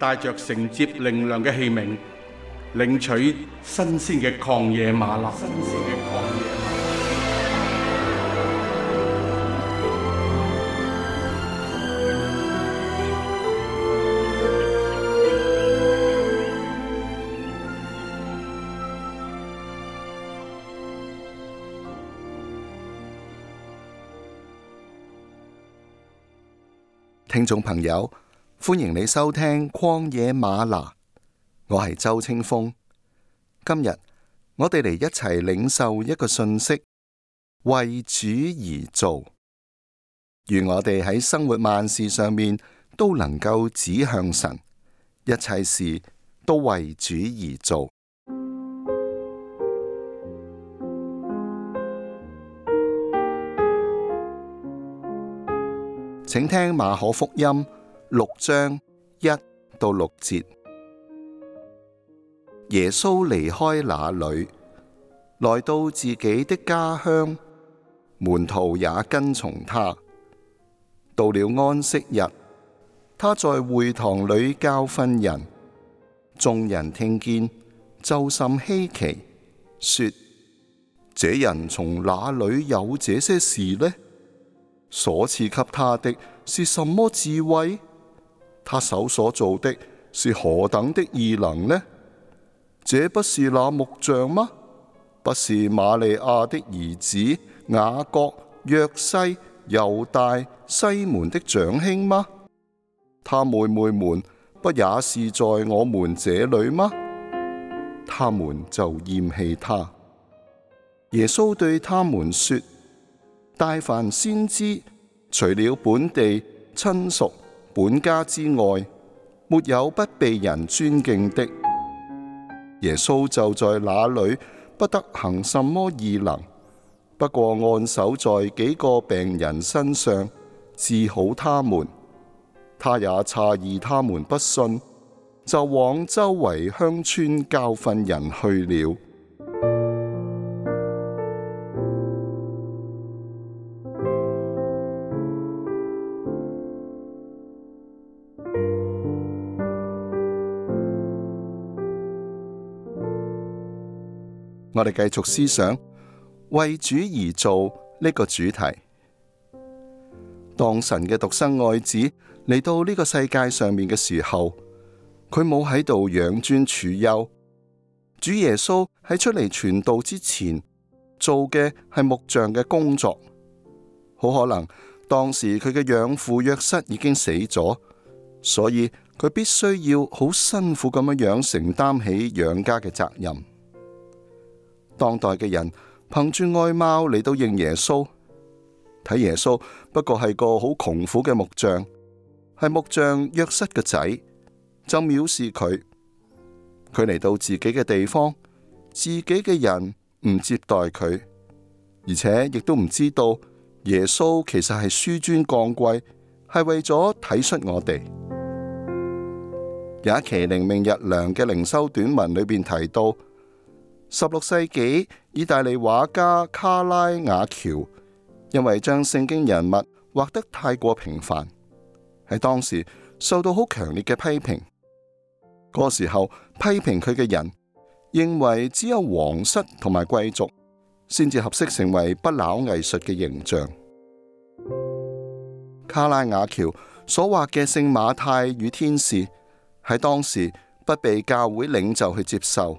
帶着承接靈糧嘅器皿，領取新鮮嘅曠野嗎哪。新鮮嘅曠野嗎哪。聽眾朋友。歡迎你收聽曠野嗎哪，我係周清風。今日我哋嚟一齊領受一個訊息，為主而做。願我哋喺生活萬事上面都能夠指向神，一切事都為主而做。請聽馬可福音。六章一到六節，耶穌離開那裏，來到自己的家鄉，門徒也跟從他。到了安息日，他在會堂裏教訓人，眾人聽見，就甚稀奇，說：這人從哪裏有這些事呢？所賜給他的是什麼智慧？他手所做的是何等的異能呢？這不是那木匠嗎？不是瑪利亞的兒子雅各、約西、猶大、西門的長兄嗎？他妹妹們不也是在我們這裏嗎？他們就厭棄他。耶穌對他們說：大凡先知，除了本地親屬，本家之外，沒有不被人尊敬的。耶穌就在那裏，不得行什麼異能，不過按手在幾個病人身上治好他們。他也詫異他們不信，就往周圍鄉村教訓人去了。我哋繼續思想為主而做呢個主題。當神嘅獨生愛子嚟到呢個世界上面嘅時候，佢冇喺度養尊處優。主耶穌喺出嚟傳道之前，做嘅係木匠嘅工作。好可能當時佢嘅養父約瑟已經死咗，所以佢必須要好辛苦咁樣樣承擔起養家嘅責任。當代嘅人憑住外貌嚟到認耶穌，睇耶穌不過係個好窮苦嘅木匠。係木匠約瑟嘅仔，就藐視佢。佢嚟到自己嘅地方，自己嘅人唔接待佢，而且亦都唔知道耶穌其實係紆尊降貴，係為咗體恤我哋。有一期《靈命日糧》嘅靈修短文裏邊提到。十六世紀，意大利畫家卡拉瓦喬因為將聖經人物畫得太過平凡，喺當時受到好強烈嘅批評。嗰、那個時候，批評佢嘅人認為只有皇室同埋貴族先至合適成為不朽藝術嘅形象。卡拉瓦喬所畫嘅聖馬太與天使喺當時不被教會領袖去接受。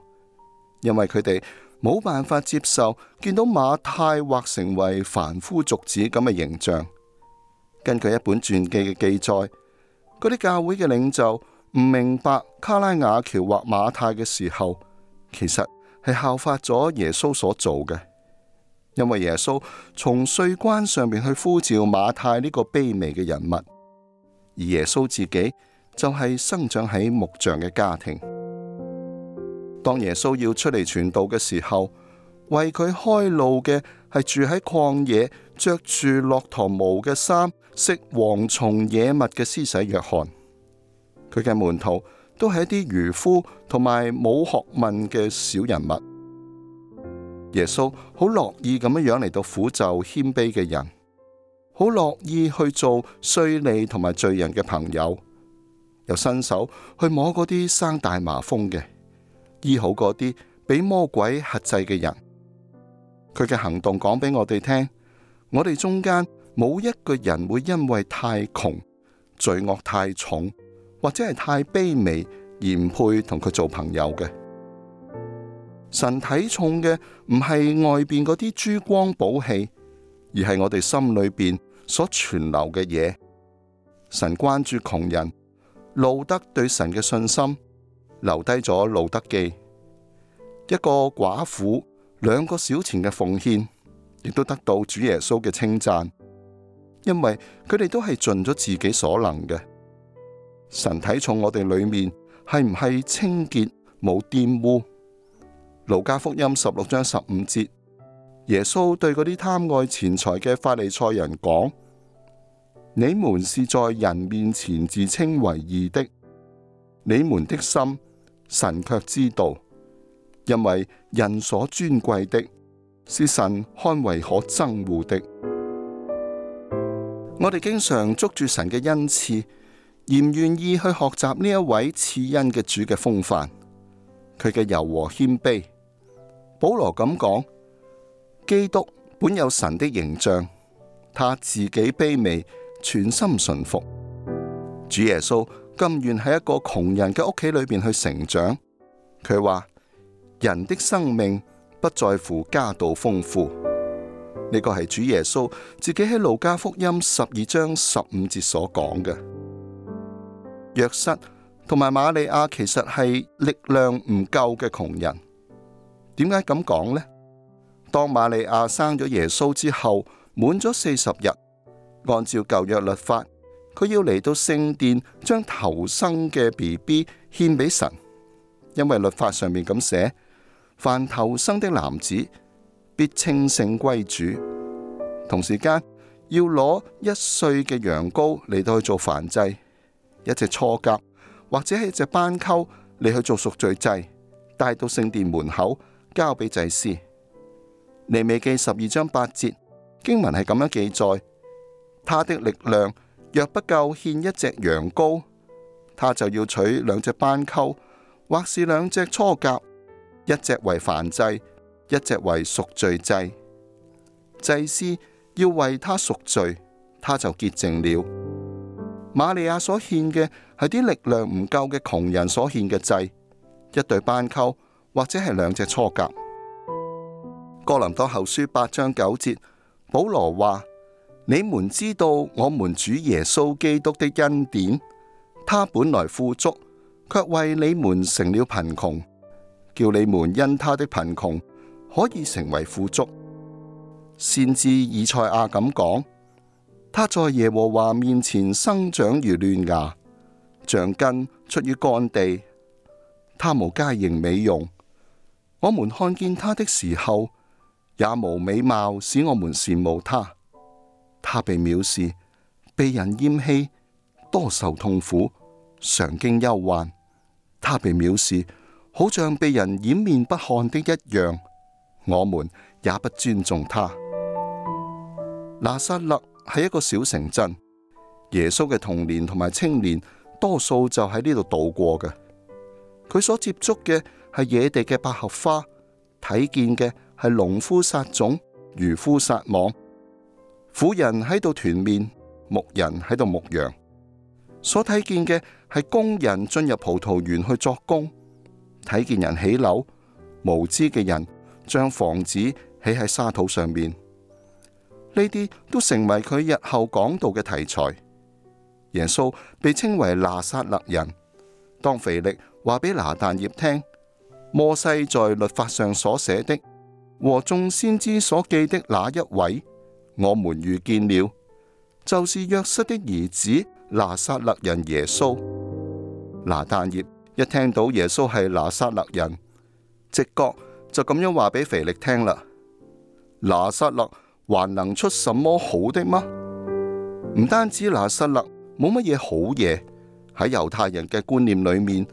因為佢哋冇辦法接受見到馬太畫成為凡夫俗子咁嘅形象。根據一本傳記嘅記載，嗰啲教會嘅領袖唔明白卡拉瓦喬畫馬太嘅時候，其實係效法咗耶穌所做嘅。因為耶穌從稅關上面去呼召馬太呢個卑微嘅人物，而耶穌自己就係生長喺木匠嘅家庭。當耶穌要出嚟傳道嘅時候，為佢開路嘅係住喺曠野、着住駱駝毛嘅衫、食蝗蟲野蜜嘅施洗約翰。佢嘅門徒都係一啲漁夫同埋冇學問嘅小人物。耶穌好樂意咁樣樣嚟到苦就謙卑嘅人，好樂意去做稅吏同埋罪人嘅朋友，又伸手去摸嗰啲生大麻風嘅。醫好嗰啲俾魔鬼轄制嘅人，佢嘅行動講俾我哋聽，我哋中間冇一個人會因為太窮、罪惡太重或者係太卑微而唔配同佢做朋友嘅。神睇重嘅唔係外邊嗰啲珠光寶氣，而係我哋心裏邊所存留嘅嘢。神關注窮人，路得對神嘅信心。留低咗路德記，一個寡婦兩個小錢嘅奉獻，亦都得到主耶穌嘅稱讚，因為佢哋都係盡咗自己所能嘅。神睇重我哋裏面係唔係清潔冇玷污？路加福音十六章十五節，耶穌對嗰啲貪愛錢財嘅法利賽人講：你們是在人面前自稱為義的，你們的心。神卻知道，因為人所尊貴的是神看為可憎惡的。我哋經常捉住神嘅恩賜，而唔願意去學習呢一位賜恩嘅主嘅風範，佢嘅柔和謙卑。保羅咁講：基督本有神的形象，他自己卑微，全心順服主耶穌。甘願喺一個窮人嘅屋企裏邊去成長，佢話人的生命不在乎家道豐富，呢個係主耶穌自己喺路加福音十二章十五節所講嘅。約瑟同埋瑪利亞其實係力量唔夠嘅窮人，點解咁講呢？當瑪利亞生咗耶穌之後，滿咗四十日，按照舊約律法。佢要嚟到聖殿將頭生嘅 B B 獻俾神，因為律法上面咁寫，凡頭生的男子必稱聖歸主，同時間要攞一歲嘅羊羔嚟到去做燔祭，一隻雛鴿，或者係一隻斑鳩嚟去做贖罪祭，帶到聖殿門口交俾祭司。利未記十二章八節經文係咁樣記載，他的力量。若不夠獻一隻羊羔，他就要取兩隻斑鳩，或是兩隻雛鴿，一隻為燔祭，一隻為贖罪祭。祭司要為他贖罪，他就潔淨了。瑪利亞所獻嘅係啲力量唔夠嘅窮人所獻嘅祭，一對斑鳩或者係兩隻雛鴿。哥林多後書八章九節，保羅話。你們知道，我們主耶穌基督的恩典，他本來富足，卻為你們成了貧窮，叫你們因他的貧窮可以成為富足。先知以賽亞咁講，他在耶和華面前生長如嫩芽，像根出於乾地。他無佳形美容，我們看見他的時候也無美貌，使我們羨慕他。他被藐視，被人厭棄，多受痛苦，常經憂患。他被藐視，好像被人掩面不看的一樣。我們也不尊重他。拿撒勒係一個小城鎮，耶穌嘅童年同埋青年多數就喺呢度度過嘅。佢所接觸嘅係野地嘅百合花，睇見嘅係農夫撒種，漁夫撒網。婦人喺度團麵，牧人喺度牧羊。所睇見嘅係工人進入葡萄園去作工，睇見人起樓，無知嘅人將房子起喺沙土上面。呢啲都成為佢日後講道嘅題材。耶穌被稱為拿撒勒人。當腓力話俾拿但業聽，摩西在律法上所寫的和眾先知所記的那一位。我們遇見了，就是約瑟的兒子拿撒勒人耶穌。拿但業一聽到耶穌係拿撒勒人，直覺就咁樣話俾腓力聽啦。拿撒勒還能出什麼好的嗎？唔單止拿撒勒冇乜嘢好嘢，喺猶太人嘅觀念裏面，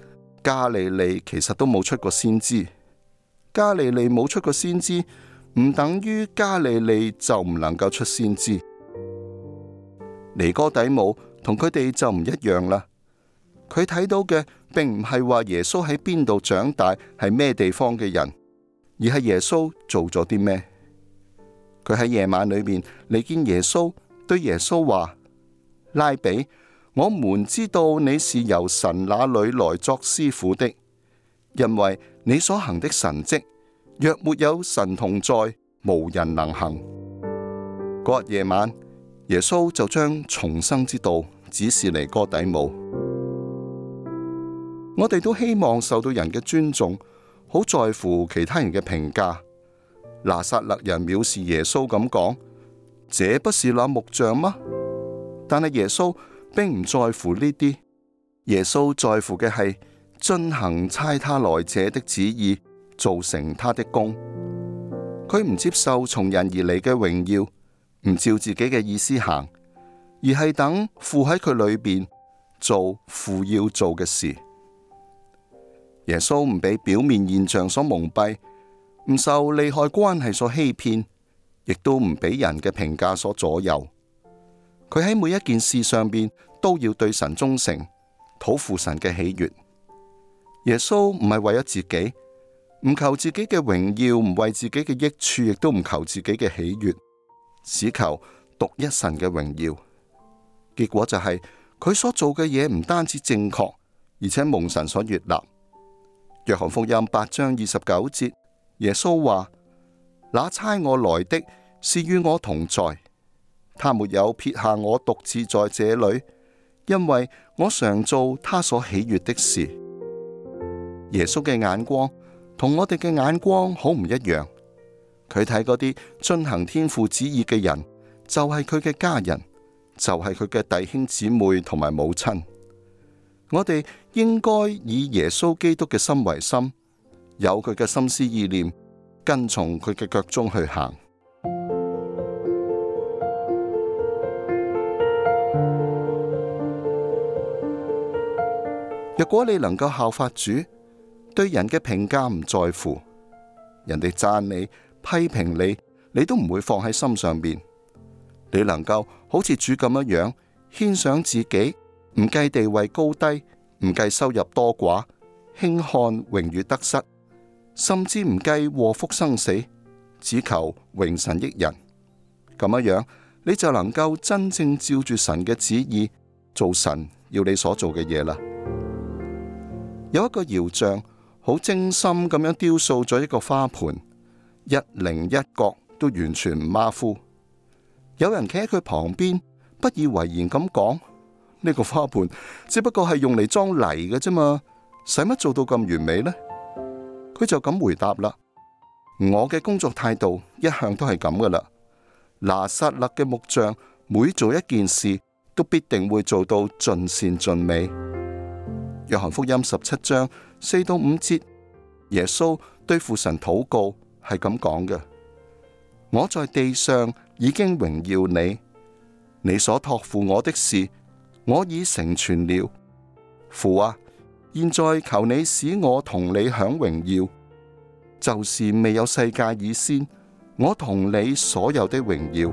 加利利其實都冇出過先知。加利利冇出過先知。唔等於加利利就唔能夠出先知。尼哥底母同佢哋就唔一樣啦。佢睇到嘅並唔係話耶穌喺邊度長大，係咩地方嘅人，而係耶穌做咗啲咩。佢喺夜晚裏面你見耶穌，對耶穌話：拉比，我們知道你是由神那裏來作師傅的，因為你所行的神蹟。若沒有神同在，無人能行。嗰日夜晚，耶穌就將重生之道指示尼哥底母。我哋都希望受到人嘅尊重，好在乎其他人嘅評價。拿撒勒人藐視耶穌咁講，這不是那木匠嗎？但係耶穌並唔在乎呢啲，耶穌在乎嘅係遵行差他來者的旨意，造成他的功，佢唔接受從人而嚟嘅榮耀，唔照自己嘅意思行，而係等父喺佢裏邊做父要做嘅事。耶穌唔俾表面現象所蒙蔽，唔受利害關係所欺騙，亦都唔俾人嘅評價所左右。佢喺每一件事上邊都要對神忠誠，討父神嘅喜悅。耶穌唔係為咗自己。唔求自己嘅榮耀，唔為自己嘅益處，亦都唔求自己嘅喜悅，只求獨一神嘅榮耀。結果就係佢所做嘅嘢唔單止正確，而且蒙神所悅納。約翰福音八章二十九節，耶穌話：那差我來的是與我同在，他沒有撇下我獨自在這裏，因為我常做他所喜悅的事。耶穌嘅眼光。同我哋嘅眼光好唔一樣，佢睇嗰啲進行天父旨意嘅人，就係佢嘅家人，就係佢嘅弟兄姊妹同埋母親。我哋應該以耶穌基督嘅心為心，有佢嘅心思意念，跟從佢嘅腳蹤去行。若果你能夠效法主。對人嘅評價唔在乎，人哋讚你、批評你，你都唔會放喺心上面。你能夠好似主咁樣樣，牽想自己，唔計地位高低，唔計收入多寡，輕看榮譽得失，甚至唔計禍福生死，只求榮神益人。咁樣樣你就能夠真正照住神嘅旨意做神要你所做嘅嘢啦。有一個搖像。好精心咁樣雕塑咗一個花盆，一零一角都完全唔馬虎。有人企喺佢旁邊，不以為然咁講：「呢個花盆只不過係用嚟裝泥嘅啫嘛，使乜做到咁完美呢？」佢就咁回答啦：我嘅工作態度一向都係咁噶啦。拿撒勒嘅木匠每做一件事，都必定會做到盡善盡美。約翰福音十七章。四到五節，耶穌對父神禱告係咁講嘅：我在地上已經榮耀你，你所託付我的事，我已成全了。父啊，現在求你使我同你享榮耀，就是未有世界以先，我同你所有的榮耀。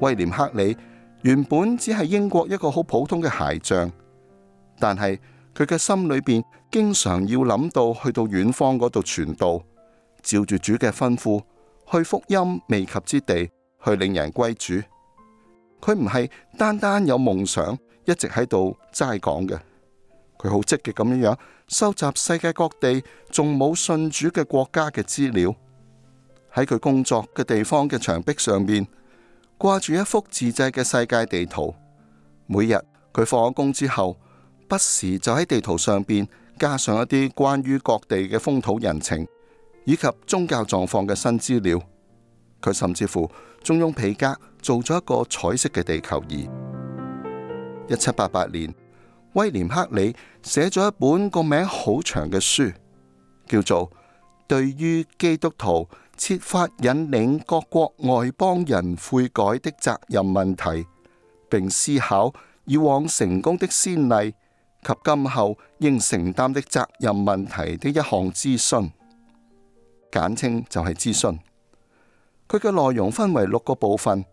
威廉克里原本只係英國一個好普通嘅鞋匠，但係佢嘅心裏邊。經常要諗到去到遠方嗰度傳道，照住主嘅吩咐，去福音未及之地，去令人歸主。佢唔係單單有夢想，一直喺度齋講嘅。佢好積極咁樣樣收集世界各地仲冇信主嘅國家嘅資料。喺佢工作嘅地方嘅牆壁上面掛住一幅自製嘅世界地圖。每日佢放咗工之後，不時就喺地圖上邊加上一啲關於各地嘅風土人情以及宗教狀況嘅新資料，佢甚至乎仲用皮革做咗一個彩色嘅地球儀。一七八八年，威廉克里寫咗一本個名好長嘅書，叫做《對於基督徒設法引領各國外邦人悔改的責任問題》，並思考以往成功的先例。及今後應承擔的責任問題的一項諮詢，簡稱就係諮詢。佢嘅內容分為六個部分：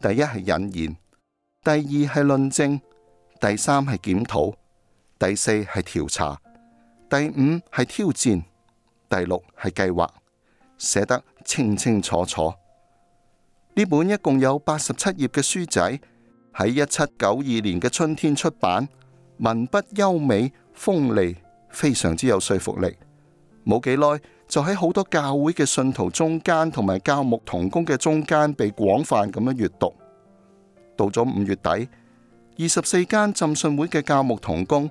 第一係引言，第二係論證，第三係檢討，第四係調查，第五係挑戰，第六係計劃。寫得清清楚楚。呢本一共有八十七頁嘅書仔，喺一七九二年嘅春天出版。文筆優美，鋒利，非常之有說服力。冇幾耐就喺好多教會嘅信徒中間，同埋教牧同工嘅中間，被廣泛咁樣閱讀。到咗五月底，二十四間浸信會嘅教牧同工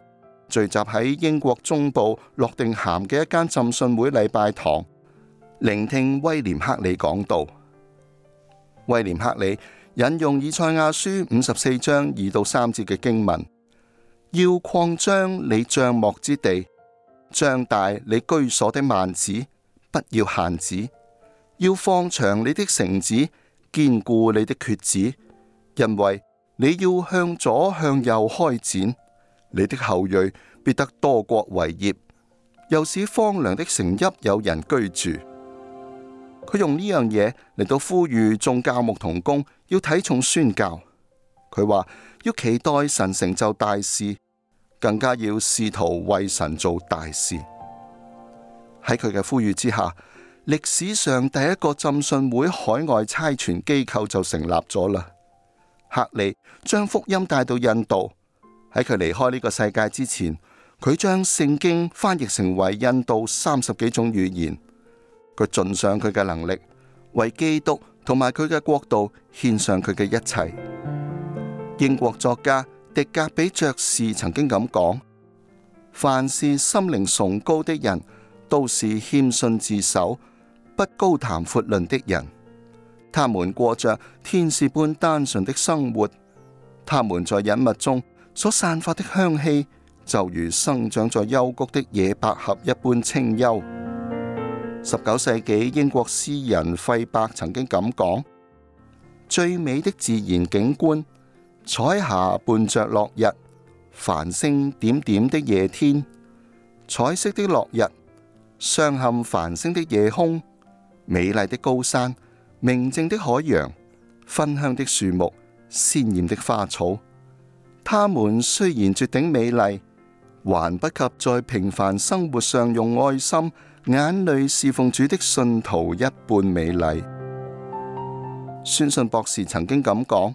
聚集喺英國中部洛定咸嘅一間浸信會禮拜堂，聆聽威廉克里講道。威廉克里引用以賽亞書五十四章二到三節嘅經文。要擴張你帳幕之地，張大你居所的幔子，不要限止；要放長你的繩子，堅固你的橛子，因為你要向左向右開展，你的後裔必得多國為業，又使荒涼的城邑有人居住。佢用呢樣嘢嚟到呼籲眾教牧同工要睇重宣教。佢話要期待神成就大事，更加要試圖為神做大事。喺佢嘅呼籲之下，歷史上第一個浸信會海外差傳機構就成立咗啦。克利將福音帶到印度。喺佢離開呢個世界之前，佢將聖經翻譯成為印度三十幾種語言。佢盡上佢嘅能力，為基督同埋佢嘅國度獻上佢嘅一切。英國作家狄格比爵士曾經咁講：凡是心靈崇高的人，都是謙遜自守、不高談闊論的人。他們過着天使般單純的生活，他們在隱密中所散發的香氣，就如生長在幽谷的野百合一般清幽。十九世紀英國詩人費伯曾經咁講：最美的自然景觀。彩霞伴着落日，繁星點點的夜天，彩色的落日，鑲嵌繁星的夜空，美麗的高山，明靜的海洋，芬香的樹木，鮮豔的花草，他們雖然絕頂美麗，還不及在平凡生活上用愛心、眼淚侍奉主的信徒一半美麗。宣信博士曾經咁講。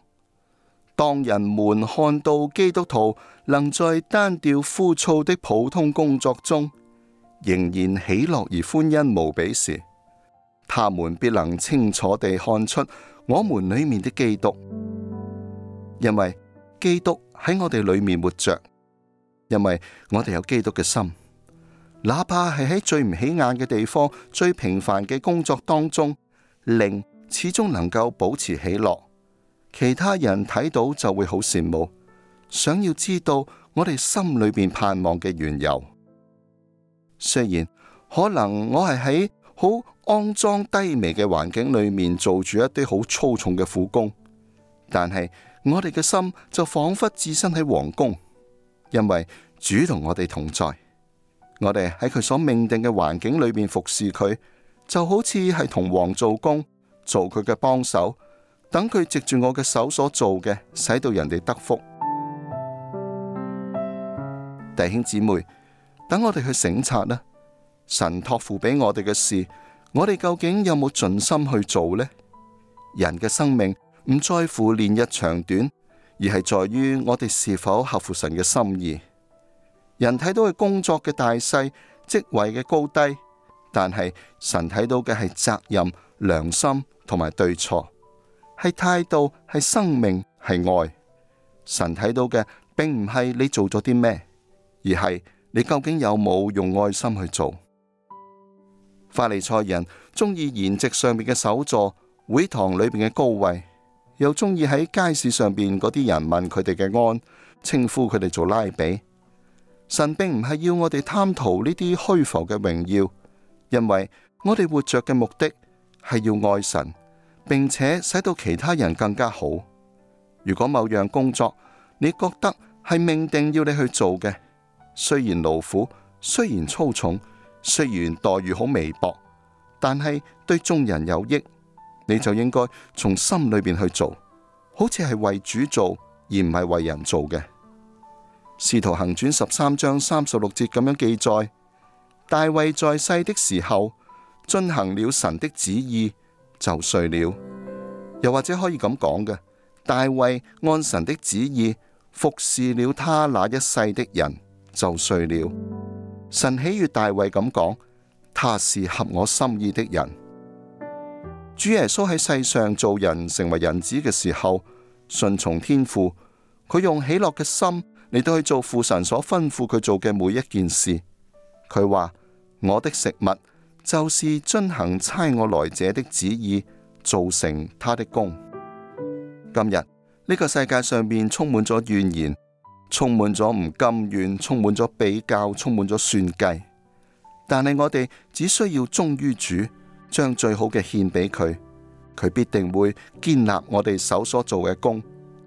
當人們看到基督徒能在單調枯燥的普通工作中，仍然喜樂而歡欣無比時，他們必能清楚地看出我們裏面的基督，因為基督喺我哋裏面活着，因為我哋有基督嘅心，哪怕係喺最唔起眼嘅地方，最平凡嘅工作當中，靈始終能夠保持喜樂。其他人睇到就會好羨慕，想要知道我哋心裏邊盼望嘅緣由。雖然可能我係喺好骯髒、低微嘅環境裏面做住一啲好粗重嘅苦工，但係我哋嘅心就仿佛置身喺皇宮，因為主同我哋同在，我哋喺佢所命定嘅環境裏面服侍佢，就好似係同王做工，做佢嘅幫手，等佢藉住我嘅手所做嘅，使到人哋得福。弟兄姊妹，等我哋去省察啦。神託付俾我哋嘅事，我哋究竟有冇盡心去做呢？人嘅生命唔在乎年日長短，而係在於我哋是否合乎神嘅心意。人睇到嘅工作嘅大細、職位嘅高低，但係神睇到嘅係責任、良心同埋對錯。係態度，係生命，係愛。神睇到嘅並唔係你做咗啲咩，而係你究竟有冇用愛心去做。法利賽人鍾意筵席上面嘅首座，會堂裏面嘅高位，又鍾意喺街市上邊嗰啲人問佢哋嘅安，稱呼佢哋做拉比。神並唔係要我哋貪圖呢啲虛浮嘅榮耀，因為我哋活着嘅目的係要愛神。並且使到其他人更加好。如果某樣工作你覺得係命定要你去做嘅，雖然勞苦，雖然粗重，雖然待遇好微薄，但係對眾人有益，你就應該從心裏邊去做，好似係為主做而唔係為人做嘅。使徒行傳十三章三十六節咁樣記載：大衛在世的時候，進行了神的旨意。就睡了，又或者可以咁講嘅，大衛按神的旨意服侍了他那一世的人就睡了。神喜悅大衛咁講，他是合我心意的人。主耶穌喺世上做人，成為人子嘅時候，順從天父，佢用喜樂嘅心嚟到去做父神所吩咐佢做嘅每一件事。佢話，我的食物。就是遵行差我來者的旨意，做成他的功。今日呢、這個世界上面充滿咗怨言，充滿咗唔甘願，充滿咗比較，充滿咗算計。但係我哋只需要忠於主，將最好嘅獻俾佢，佢必定會建立我哋手所做嘅功，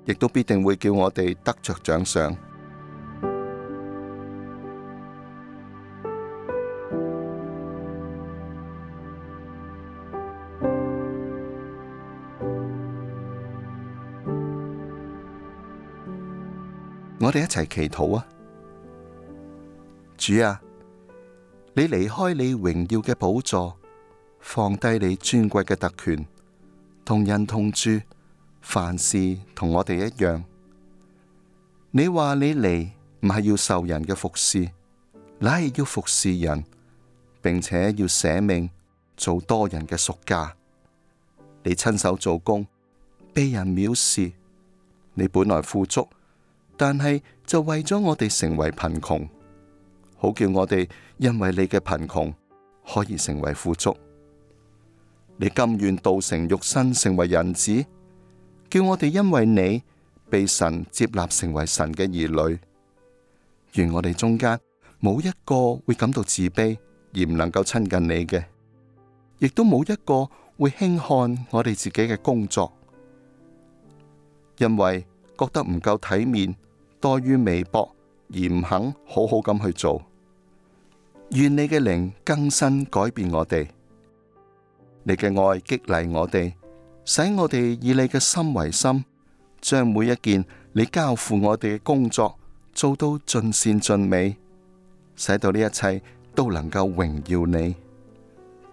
亦都必定會叫我哋得着獎賞。我哋一齊祈禱啊！主啊，你離開你榮耀嘅寶座，放低你尊貴嘅特權，同人同住，凡事同我哋一樣。你話你嚟唔係要受人嘅服侍，乃係要服侍人，並且要捨命做多人嘅贖價。你親手做工，被人藐視，你本來富足。但係就為咗我哋成為貧窮，好叫我哋因為你嘅貧窮可以成為富足。你甘願道成肉身成為人子，叫我哋因為你被神接納成為神嘅兒女，願我哋中間冇一個會感到自卑而唔能夠親近你嘅，亦都冇一個會輕看我哋自己嘅工作，因為覺得唔夠體面，多於微博而唔肯好好咁去做，願你嘅靈更新改變我哋，你嘅愛激勵我哋，使我哋以你嘅心為心，將每一件你交付我哋嘅工作做到盡善盡美，使到呢一切都能夠榮耀你。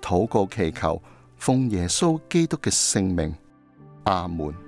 禱告祈求，奉耶穌基督嘅聖名，阿門。